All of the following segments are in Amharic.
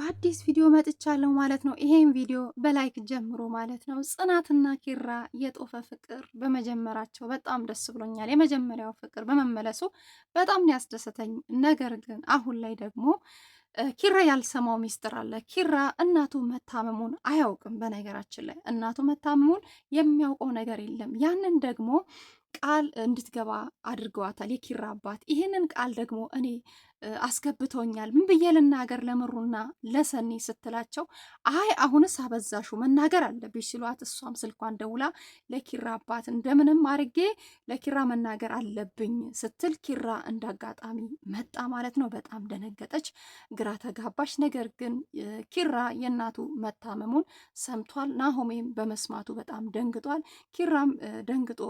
በአዲስ ቪዲዮ መጥቻለሁ ማለት ነው። ይሄን ቪዲዮ በላይክ ጀምሮ ማለት ነው። ጽናትና ኪራ የጦፈ ፍቅር በመጀመራቸው በጣም ደስ ብሎኛል። የመጀመሪያው ፍቅር በመመለሱ በጣም ያስደሰተኝ። ነገር ግን አሁን ላይ ደግሞ ኪራ ያልሰማው ሚስጥር አለ። ኪራ እናቱ መታመሙን አያውቅም። በነገራችን ላይ እናቱ መታመሙን የሚያውቀው ነገር የለም። ያንን ደግሞ ቃል እንድትገባ አድርገዋታል የኪራ አባት። ይህንን ቃል ደግሞ እኔ አስገብቶኛል ምን ብዬ ልናገር ለምሩና ለሰኒ ስትላቸው፣ አይ አሁንስ አበዛሹ መናገር አለብሽ ሲሏት፣ እሷም ስልኳን ደውላ ለኪራ አባት እንደምንም አድርጌ ለኪራ መናገር አለብኝ ስትል ኪራ እንዳጋጣሚ መጣ ማለት ነው። በጣም ደነገጠች፣ ግራ ተጋባች። ነገር ግን ኪራ የእናቱ መታመሙን ሰምቷል። ናሆሜም በመስማቱ በጣም ደንግጧል። ኪራም ደንግጦ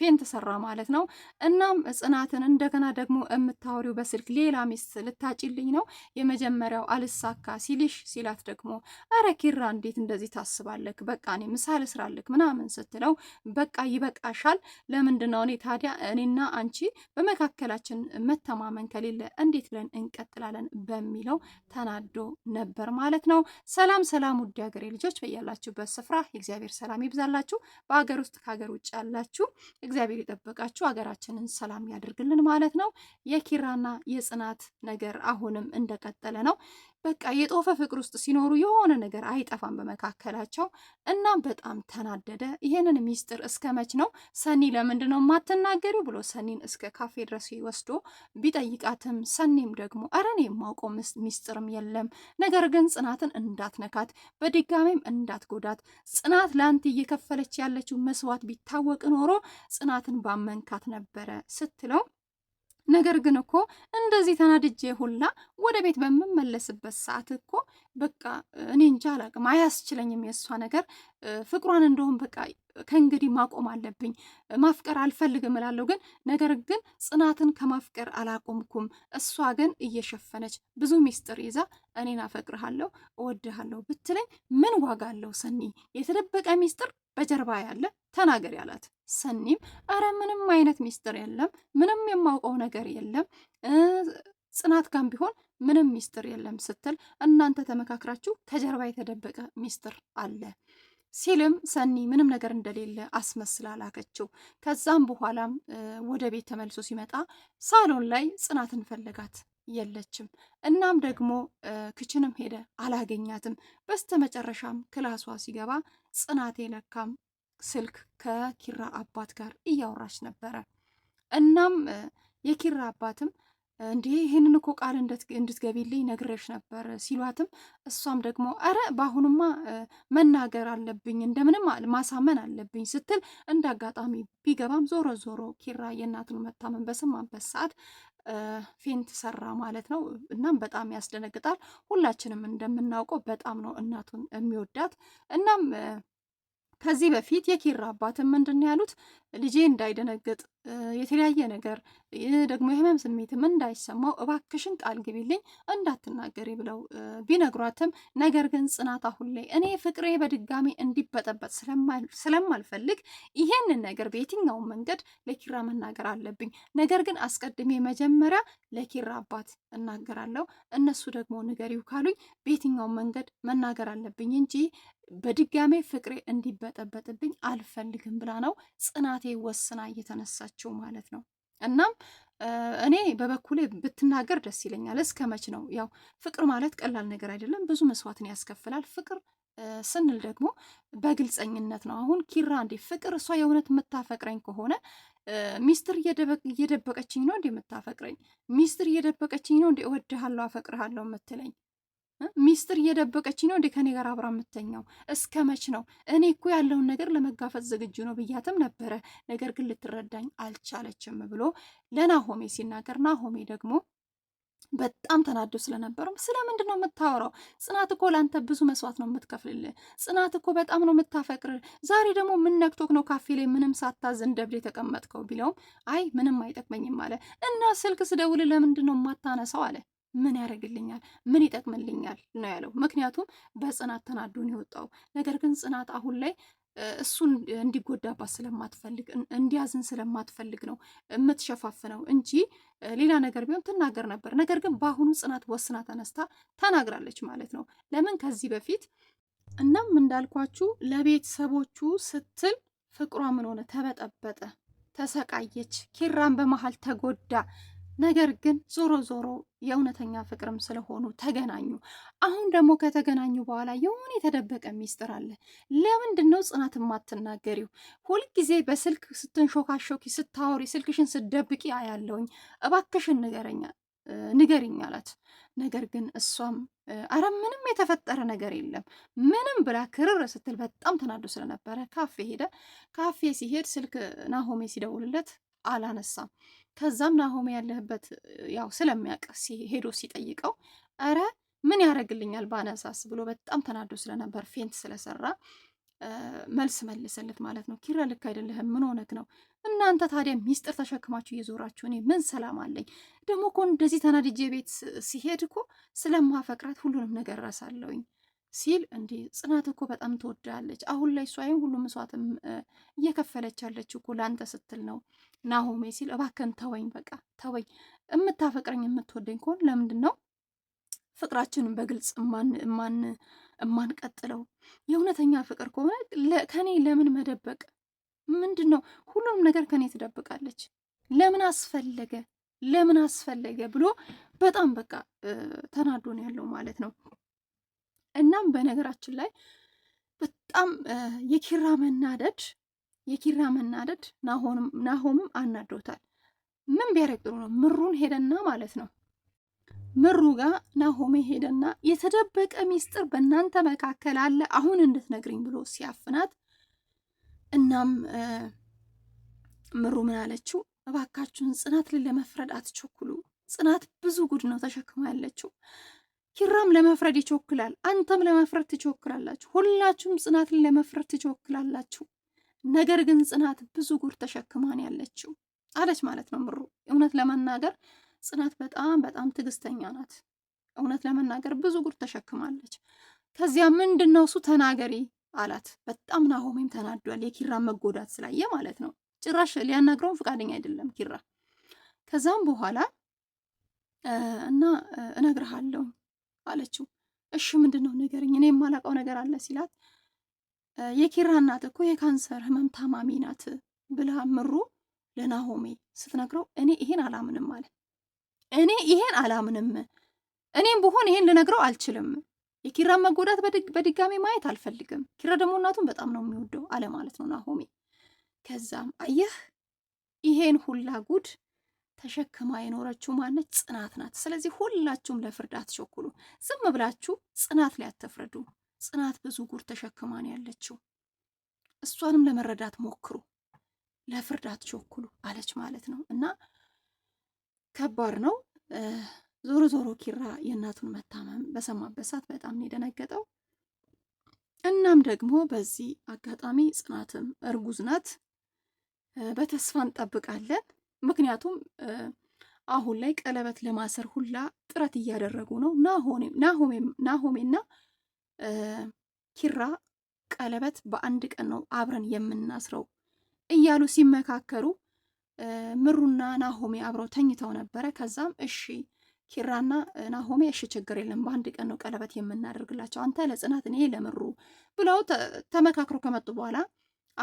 ፌንት ሰራ ማለት ነው። እናም ጽናትን እንደገና ደግሞ የምታወሪው በስልክ ሌላ ሚስት ልታጭልኝ ነው የመጀመሪያው አልሳካ ሲልሽ ሲላት ደግሞ አረ ኪራ እንዴት እንደዚህ ታስባለክ? በቃ እኔ ምሳል ልስራልክ ምናምን ስትለው በቃ ይበቃሻል። ለምንድን ነው እኔ ታዲያ እኔና አንቺ በመካከላችን መተማመን ከሌለ እንዴት ብለን እንቀጥላለን? በሚለው ተናዶ ነበር ማለት ነው። ሰላም ሰላም፣ ውድ ሀገሬ ልጆች በያላችሁበት ስፍራ የእግዚአብሔር ሰላም ይብዛላችሁ። በሀገር ውስጥ ከሀገር ውጭ ያላችሁ እግዚአብሔር የጠበቃችሁ ሀገራችንን ሰላም ያደርግልን ማለት ነው። የኪራና የጽናት ነገር አሁንም እንደቀጠለ ነው። በቃ የጦፈ ፍቅር ውስጥ ሲኖሩ የሆነ ነገር አይጠፋም በመካከላቸው። እናም በጣም ተናደደ። ይሄንን ሚስጥር እስከ መች ነው ሰኒ ለምንድን ነው የማትናገሪው ብሎ ሰኒን እስከ ካፌ ድረስ ወስዶ ቢጠይቃትም ሰኒም ደግሞ ኧረ እኔ የማውቀው ሚስጥርም የለም፣ ነገር ግን ጽናትን እንዳትነካት፣ በድጋሚም እንዳትጎዳት፣ ጽናት ለአንተ እየከፈለች ያለችው መስዋዕት ቢታወቅ ኖሮ ጽናትን ባመንካት ነበረ ስትለው ነገር ግን እኮ እንደዚህ ተናድጄ ሁላ ወደ ቤት በምመለስበት ሰዓት እኮ በቃ እኔ እንጃ አላቅም፣ አያስችለኝም የእሷ ነገር ፍቅሯን እንደውም በቃ ከእንግዲህ ማቆም አለብኝ ማፍቀር አልፈልግም እላለሁ። ግን ነገር ግን ጽናትን ከማፍቀር አላቆምኩም። እሷ ግን እየሸፈነች ብዙ ሚስጥር ይዛ እኔን አፈቅርሃለሁ፣ እወድሃለሁ ብትለኝ ምን ዋጋ አለው? ሰኒ የተደበቀ ሚስጥር በጀርባ ያለ ተናገር ያላት። ሰኒም አረ ምንም አይነት ሚስጥር የለም፣ ምንም የማውቀው ነገር የለም ጽናት ጋም ቢሆን ምንም ሚስጥር የለም ስትል እናንተ ተመካክራችሁ ከጀርባ የተደበቀ ሚስጥር አለ ሲልም ሰኒ ምንም ነገር እንደሌለ አስመስላ ላከችው። ከዛም በኋላም ወደ ቤት ተመልሶ ሲመጣ ሳሎን ላይ ጽናትን ፈለጋት፣ የለችም። እናም ደግሞ ክችንም ሄደ፣ አላገኛትም። በስተመጨረሻም ክላሷ ሲገባ ጽናቴ ለካም ስልክ ከኪራ አባት ጋር እያወራች ነበረ። እናም የኪራ አባትም እንዲህ ይህንን እኮ ቃል እንድትገቢልኝ ነግረሽ ነበር ሲሏትም እሷም ደግሞ ኧረ በአሁኑማ መናገር አለብኝ እንደምንም ማሳመን አለብኝ ስትል እንደ አጋጣሚ ቢገባም ዞሮ ዞሮ ኪራ የእናቱን መታመን በሰማበት ሰዓት ፌንት ሰራ ማለት ነው። እናም በጣም ያስደነግጣል። ሁላችንም እንደምናውቀው በጣም ነው እናቱን የሚወዳት እናም ከዚህ በፊት የኪራ አባትም ምንድን ያሉት ልጄ እንዳይደነግጥ የተለያየ ነገር ደግሞ የህመም ስሜትም እንዳይሰማው እባክሽን ቃል ግቢልኝ እንዳትናገሪ ብለው ቢነግሯትም፣ ነገር ግን ጽናት አሁን ላይ እኔ ፍቅሬ በድጋሚ እንዲበጠበጥ ስለማልፈልግ ይሄንን ነገር በየትኛውን መንገድ ለኪራ መናገር አለብኝ። ነገር ግን አስቀድሜ መጀመሪያ ለኪራ አባት እናገራለሁ። እነሱ ደግሞ ንገሪው ካሉኝ በየትኛውን መንገድ መናገር አለብኝ እንጂ በድጋሜ ፍቅሬ እንዲበጠበጥብኝ አልፈልግም ብላ ነው ጽናቴ ወስና እየተነሳችው ማለት ነው። እናም እኔ በበኩሌ ብትናገር ደስ ይለኛል። እስከ መች ነው? ያው ፍቅር ማለት ቀላል ነገር አይደለም፣ ብዙ መስዋዕትን ያስከፍላል። ፍቅር ስንል ደግሞ በግልጸኝነት ነው። አሁን ኪራ እንዴ ፍቅር እሷ የእውነት የምታፈቅረኝ ከሆነ ሚስጥር እየደበቀችኝ ነው እንዴ የምታፈቅረኝ? ሚስጥር እየደበቀችኝ ነው እንዴ እወድሃለሁ፣ አፈቅርሃለሁ የምትለኝ ሚስጥር እየደበቀች ነው እንዴ ከኔ ጋር አብራ የምተኛው? እስከ መች ነው? እኔ እኮ ያለውን ነገር ለመጋፈጥ ዝግጁ ነው ብያትም ነበረ፣ ነገር ግን ልትረዳኝ አልቻለችም ብሎ ለናሆሜ ሲናገር ናሆሜ ደግሞ በጣም ተናዶ ስለነበረው ስለምንድን ነው የምታወራው? ጽናት እኮ ለአንተ ብዙ መስዋዕት ነው የምትከፍልልህ። ጽናት እኮ በጣም ነው የምታፈቅር። ዛሬ ደግሞ ምን ነክቶክ ነው ካፌ ላይ ምንም ሳታዝን ደብድ የተቀመጥከው? ቢለውም አይ ምንም አይጠቅመኝም አለ እና ስልክ ስደውል ለምንድን ነው የማታነሳው አለ ምን ያደርግልኛል፣ ምን ይጠቅምልኛል ነው ያለው። ምክንያቱም በጽናት ተናዶ የወጣው። ነገር ግን ጽናት አሁን ላይ እሱን እንዲጎዳባት ስለማትፈልግ እንዲያዝን ስለማትፈልግ ነው የምትሸፋፍነው እንጂ ሌላ ነገር ቢሆን ትናገር ነበር። ነገር ግን በአሁኑ ጽናት ወስና ተነስታ ተናግራለች ማለት ነው። ለምን ከዚህ በፊት እናም እንዳልኳችሁ ለቤተሰቦቹ ስትል ፍቅሯ ምን ሆነ? ተበጠበጠ፣ ተሰቃየች። ኪራን በመሀል ተጎዳ። ነገር ግን ዞሮ ዞሮ የእውነተኛ ፍቅርም ስለሆኑ ተገናኙ። አሁን ደግሞ ከተገናኙ በኋላ የሆነ የተደበቀ ሚስጥር አለ። ለምንድን ነው ጽናት የማትናገሪው? ሁልጊዜ በስልክ ስትንሾካሾኪ፣ ስታወሪ፣ ስልክሽን ስደብቂ አያለውኝ። እባክሽን ንገረኛ ንገሪኝ አላት። ነገር ግን እሷም አረ ምንም የተፈጠረ ነገር የለም ምንም ብላ ክርር ስትል በጣም ተናዶ ስለነበረ ካፌ ሄደ። ካፌ ሲሄድ ስልክ ናሆሜ ሲደውልለት አላነሳም። ከዛም ናሆሜ ያለህበት ያው ስለሚያውቅ ሄዶ ሲጠይቀው እረ ምን ያደርግልኛል ባነሳስ ብሎ በጣም ተናዶ ስለነበር ፌንት ስለሰራ መልስ መልሰለት ማለት ነው። ኪራ ልክ አይደለህም፣ ምን ሆነክ ነው? እናንተ ታዲያ ሚስጥር ተሸክማችሁ እየዞራችሁ እኔ ምን ሰላም አለኝ? ደግሞ እኮ እንደዚህ ተናድጄ ቤት ሲሄድ እኮ ስለማፈቅራት ሁሉንም ነገር ረሳለውኝ ሲል እንዲህ ጽናት እኮ በጣም ትወዳለች። አሁን ላይ እሷ ይሄን ሁሉ መስዋዕትም እየከፈለች ያለች እኮ ለአንተ ስትል ነው ናሆሜ ሲል እባከን ተወኝ፣ በቃ ተወኝ። የምታፈቅረኝ የምትወደኝ ከሆን ለምንድን ነው ፍቅራችንን በግልጽ እማንቀጥለው? የእውነተኛ ፍቅር ከሆነ ከኔ ለምን መደበቅ? ምንድን ነው ሁሉንም ነገር ከኔ ትደብቃለች? ለምን አስፈለገ? ለምን አስፈለገ ብሎ በጣም በቃ ተናዶ ነው ያለው ማለት ነው። እናም በነገራችን ላይ በጣም የኪራ መናደድ የኪራ መናደድ ናሆምም አናዶታል። ምን ቢያደርግ ጥሩ ነው? ምሩን ሄደና ማለት ነው ምሩ ጋር ናሆሜ ሄደና የተደበቀ ሚስጥር በእናንተ መካከል አለ አሁን እንድትነግሪኝ ብሎ ሲያፍናት፣ እናም ምሩ ምን አለችው? እባካችሁን ጽናት ላይ ለመፍረድ አትቸኩሉ። ጽናት ብዙ ጉድ ነው ተሸክማ ያለችው። ኪራም ለመፍረድ ይቸኩላል፣ አንተም ለመፍረድ ትቸኩላላችሁ፣ ሁላችሁም ላይ ለመፍረድ ትቸኩላላችሁ ነገር ግን ጽናት ብዙ ጉድ ተሸክማን ያለችው አለች ማለት ነው ምሩ። እውነት ለመናገር ጽናት በጣም በጣም ትዕግስተኛ ናት። እውነት ለመናገር ብዙ ጉድ ተሸክማለች። ከዚያ ምንድን ነው እሱ ተናገሪ አላት። በጣም ናሆሜም ተናዷል፣ የኪራ መጎዳት ስላየ ማለት ነው። ጭራሽ ሊያናግረውን ፈቃደኛ አይደለም ኪራ። ከዛም በኋላ እና እነግርሃለሁ አለችው። እሺ ምንድን ነው እኔ የማላውቀው ነገር አለ ሲላት የኪራ እናት እኮ የካንሰር ህመም ታማሚ ናት ብላ ምሩ ለናሆሜ ስትነግረው እኔ ይሄን አላምንም አለ። እኔ ይሄን አላምንም፣ እኔም ብሆን ይሄን ልነግረው አልችልም። የኪራን መጎዳት በድጋሚ ማየት አልፈልግም። ኪራ ደግሞ እናቱን በጣም ነው የሚወደው አለ ማለት ነው ናሆሜ። ከዛም አየህ ይሄን ሁላ ጉድ ተሸክማ የኖረችው ማነት ጽናት ናት። ስለዚህ ሁላችሁም ለፍርድ አትቸኩሉ። ዝም ብላችሁ ጽናት ላይ አትፍረዱ። ጽናት ብዙ ጉድ ተሸክማ ያለችው። እሷንም ለመረዳት ሞክሩ፣ ለፍርድ አትቸኩሉ አለች ማለት ነው። እና ከባድ ነው። ዞሮ ዞሮ ኪራ የእናቱን መታመም በሰማበት ሰዓት በጣም ነው የደነገጠው። እናም ደግሞ በዚህ አጋጣሚ ጽናትም እርጉዝ ናት፣ በተስፋ እንጠብቃለን። ምክንያቱም አሁን ላይ ቀለበት ለማሰር ሁላ ጥረት እያደረጉ ነው ናሆሜና ኪራ ቀለበት በአንድ ቀን ነው አብረን የምናስረው እያሉ ሲመካከሩ ምሩና ናሆሜ አብረው ተኝተው ነበረ። ከዛም እሺ ኪራና ናሆሜ እሺ ችግር የለም በአንድ ቀን ነው ቀለበት የምናደርግላቸው አንተ ለጽናት እኔ ለምሩ ብለው ተመካክረው ከመጡ በኋላ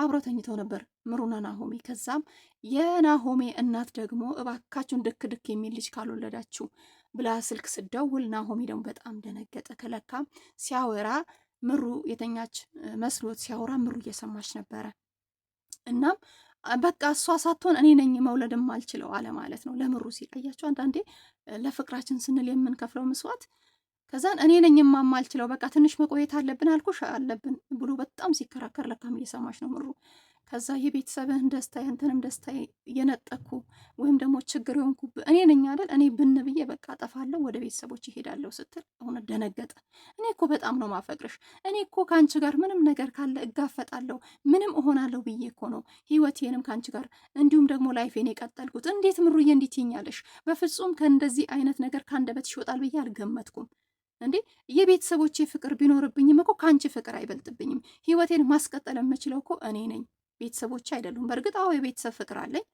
አብረው ተኝተው ነበር ምሩና ናሆሜ። ከዛም የናሆሜ እናት ደግሞ እባካችሁን ድክ ድክ የሚል ልጅ ካልወለዳችሁ ብላ ስልክ ስደውል ናሆሚ ደግሞ በጣም ደነገጠ። ከለካ ሲያወራ ምሩ የተኛች መስሎት ሲያወራ ምሩ እየሰማች ነበረ። እናም በቃ እሷ ሳትሆን እኔ ነኝ መውለድም አልችለው አለ ማለት ነው ለምሩ ሲል። አያችሁ አንዳንዴ ለፍቅራችን ስንል የምንከፍለው ምስዋት ከዛን እኔ ነኝ ማማልችለው በቃ ትንሽ መቆየት አለብን አልኩሽ አለብን ብሎ በጣም ሲከራከር ለካም እየሰማች ነው ምሩ ከዛ የቤተሰብህን ደስታ ያንተንም ደስታ የነጠኩ ወይም ደግሞ ችግር የሆንኩ እኔ ነኝ አይደል? እኔ ብን ብዬ በቃ ጠፋለሁ፣ ወደ ቤተሰቦች ይሄዳለሁ ስትል እውነት ደነገጠ። እኔ እኮ በጣም ነው ማፈቅርሽ። እኔ እኮ ከአንቺ ጋር ምንም ነገር ካለ እጋፈጣለሁ፣ ምንም እሆናለሁ ብዬ እኮ ነው ህይወቴንም ከአንቺ ጋር እንዲሁም ደግሞ ላይፌን የቀጠልኩት። እንዴት ምሩዬ እንዲት ይኛለሽ? በፍጹም ከእንደዚህ አይነት ነገር ከአንደበትሽ ይወጣል ብዬ አልገመትኩም። እንዴ የቤተሰቦቼ ፍቅር ቢኖርብኝም እኮ ከአንቺ ፍቅር አይበልጥብኝም። ህይወቴን ማስቀጠል የምችለው እኮ እኔ ነኝ። ቤተሰቦች አይደሉም። በእርግጥ አዎ የቤተሰብ ፍቅር አለኝ፣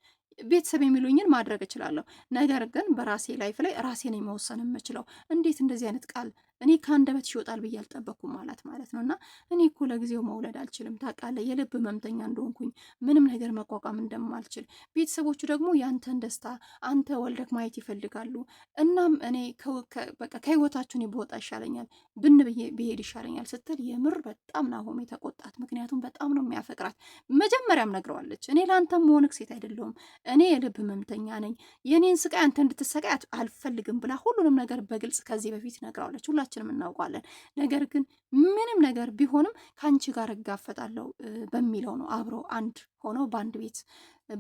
ቤተሰብ የሚሉኝን ማድረግ እችላለሁ። ነገር ግን በራሴ ላይፍ ላይ ራሴን የመወሰን የምችለው። እንዴት እንደዚህ አይነት ቃል እኔ ከአንደበት ይወጣል ብዬ አልጠበኩም አላት ማለት ነው። እና እኔ እኮ ለጊዜው መውለድ አልችልም ታውቃለህ፣ የልብ ህመምተኛ እንደሆንኩኝ ምንም ነገር መቋቋም እንደማልችል፣ ቤተሰቦቹ ደግሞ ያንተን ደስታ አንተ ወልደክ ማየት ይፈልጋሉ። እናም እኔ በቃ ከህይወታችሁ እኔ ብወጣ ይሻለኛል፣ ብን ብሄድ ይሻለኛል ስትል የምር በጣም ናሆሜ ተቆጣት። ምክንያቱም በጣም ነው የሚያፈቅራት። መጀመሪያም ነግረዋለች፣ እኔ ለአንተም መሆንክ ሴት አይደለሁም፣ እኔ የልብ ህመምተኛ ነኝ፣ የእኔን ስቃይ አንተ እንድትሰቃይ አልፈልግም ብላ ሁሉንም ነገር በግልጽ ከዚህ በፊት ነግረዋለች ሁላችን ሁላችንም እናውቃለን። ነገር ግን ምንም ነገር ቢሆንም ከአንቺ ጋር እጋፈጣለሁ በሚለው ነው አብሮ አንድ ሆነው በአንድ ቤት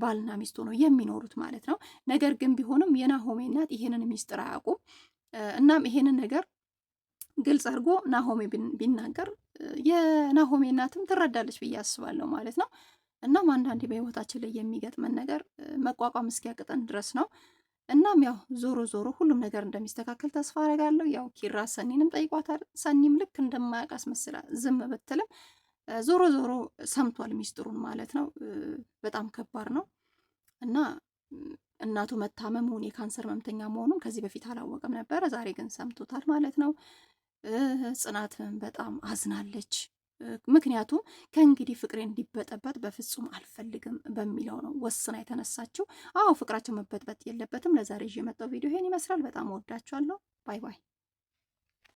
ባልና ሚስት ሆነው የሚኖሩት ማለት ነው። ነገር ግን ቢሆንም የናሆሜ እናት ይሄንን ሚስጥር አያውቁም። እናም ይሄንን ነገር ግልጽ አድርጎ ናሆሜ ቢናገር የናሆሜ እናትም ትረዳለች ብዬ አስባለሁ ማለት ነው። እናም አንዳንዴ በህይወታችን ላይ የሚገጥመን ነገር መቋቋም እስኪያቅጠን ድረስ ነው። እናም ያው ዞሮ ዞሮ ሁሉም ነገር እንደሚስተካከል ተስፋ አረጋለሁ። ያው ኪራ ሰኒንም ጠይቋታል። ሰኒም ልክ እንደማያውቅ አስመስላ ዝም ብትልም ዞሮ ዞሮ ሰምቷል ሚስጥሩን ማለት ነው። በጣም ከባድ ነው እና እናቱ መታመሙን የካንሰር መምተኛ መሆኑን ከዚህ በፊት አላወቀም ነበረ። ዛሬ ግን ሰምቶታል ማለት ነው። ጽናትም በጣም አዝናለች። ምክንያቱም ከእንግዲህ ፍቅሬ እንዲበጠበጥ በፍጹም አልፈልግም በሚለው ነው ወስና የተነሳችው። አዎ ፍቅራቸው መበጥበጥ የለበትም። ለዛሬ ይዤ የመጣው ቪዲዮ ይሄን ይመስላል። በጣም ወዳችኋለሁ። ባይ ባይ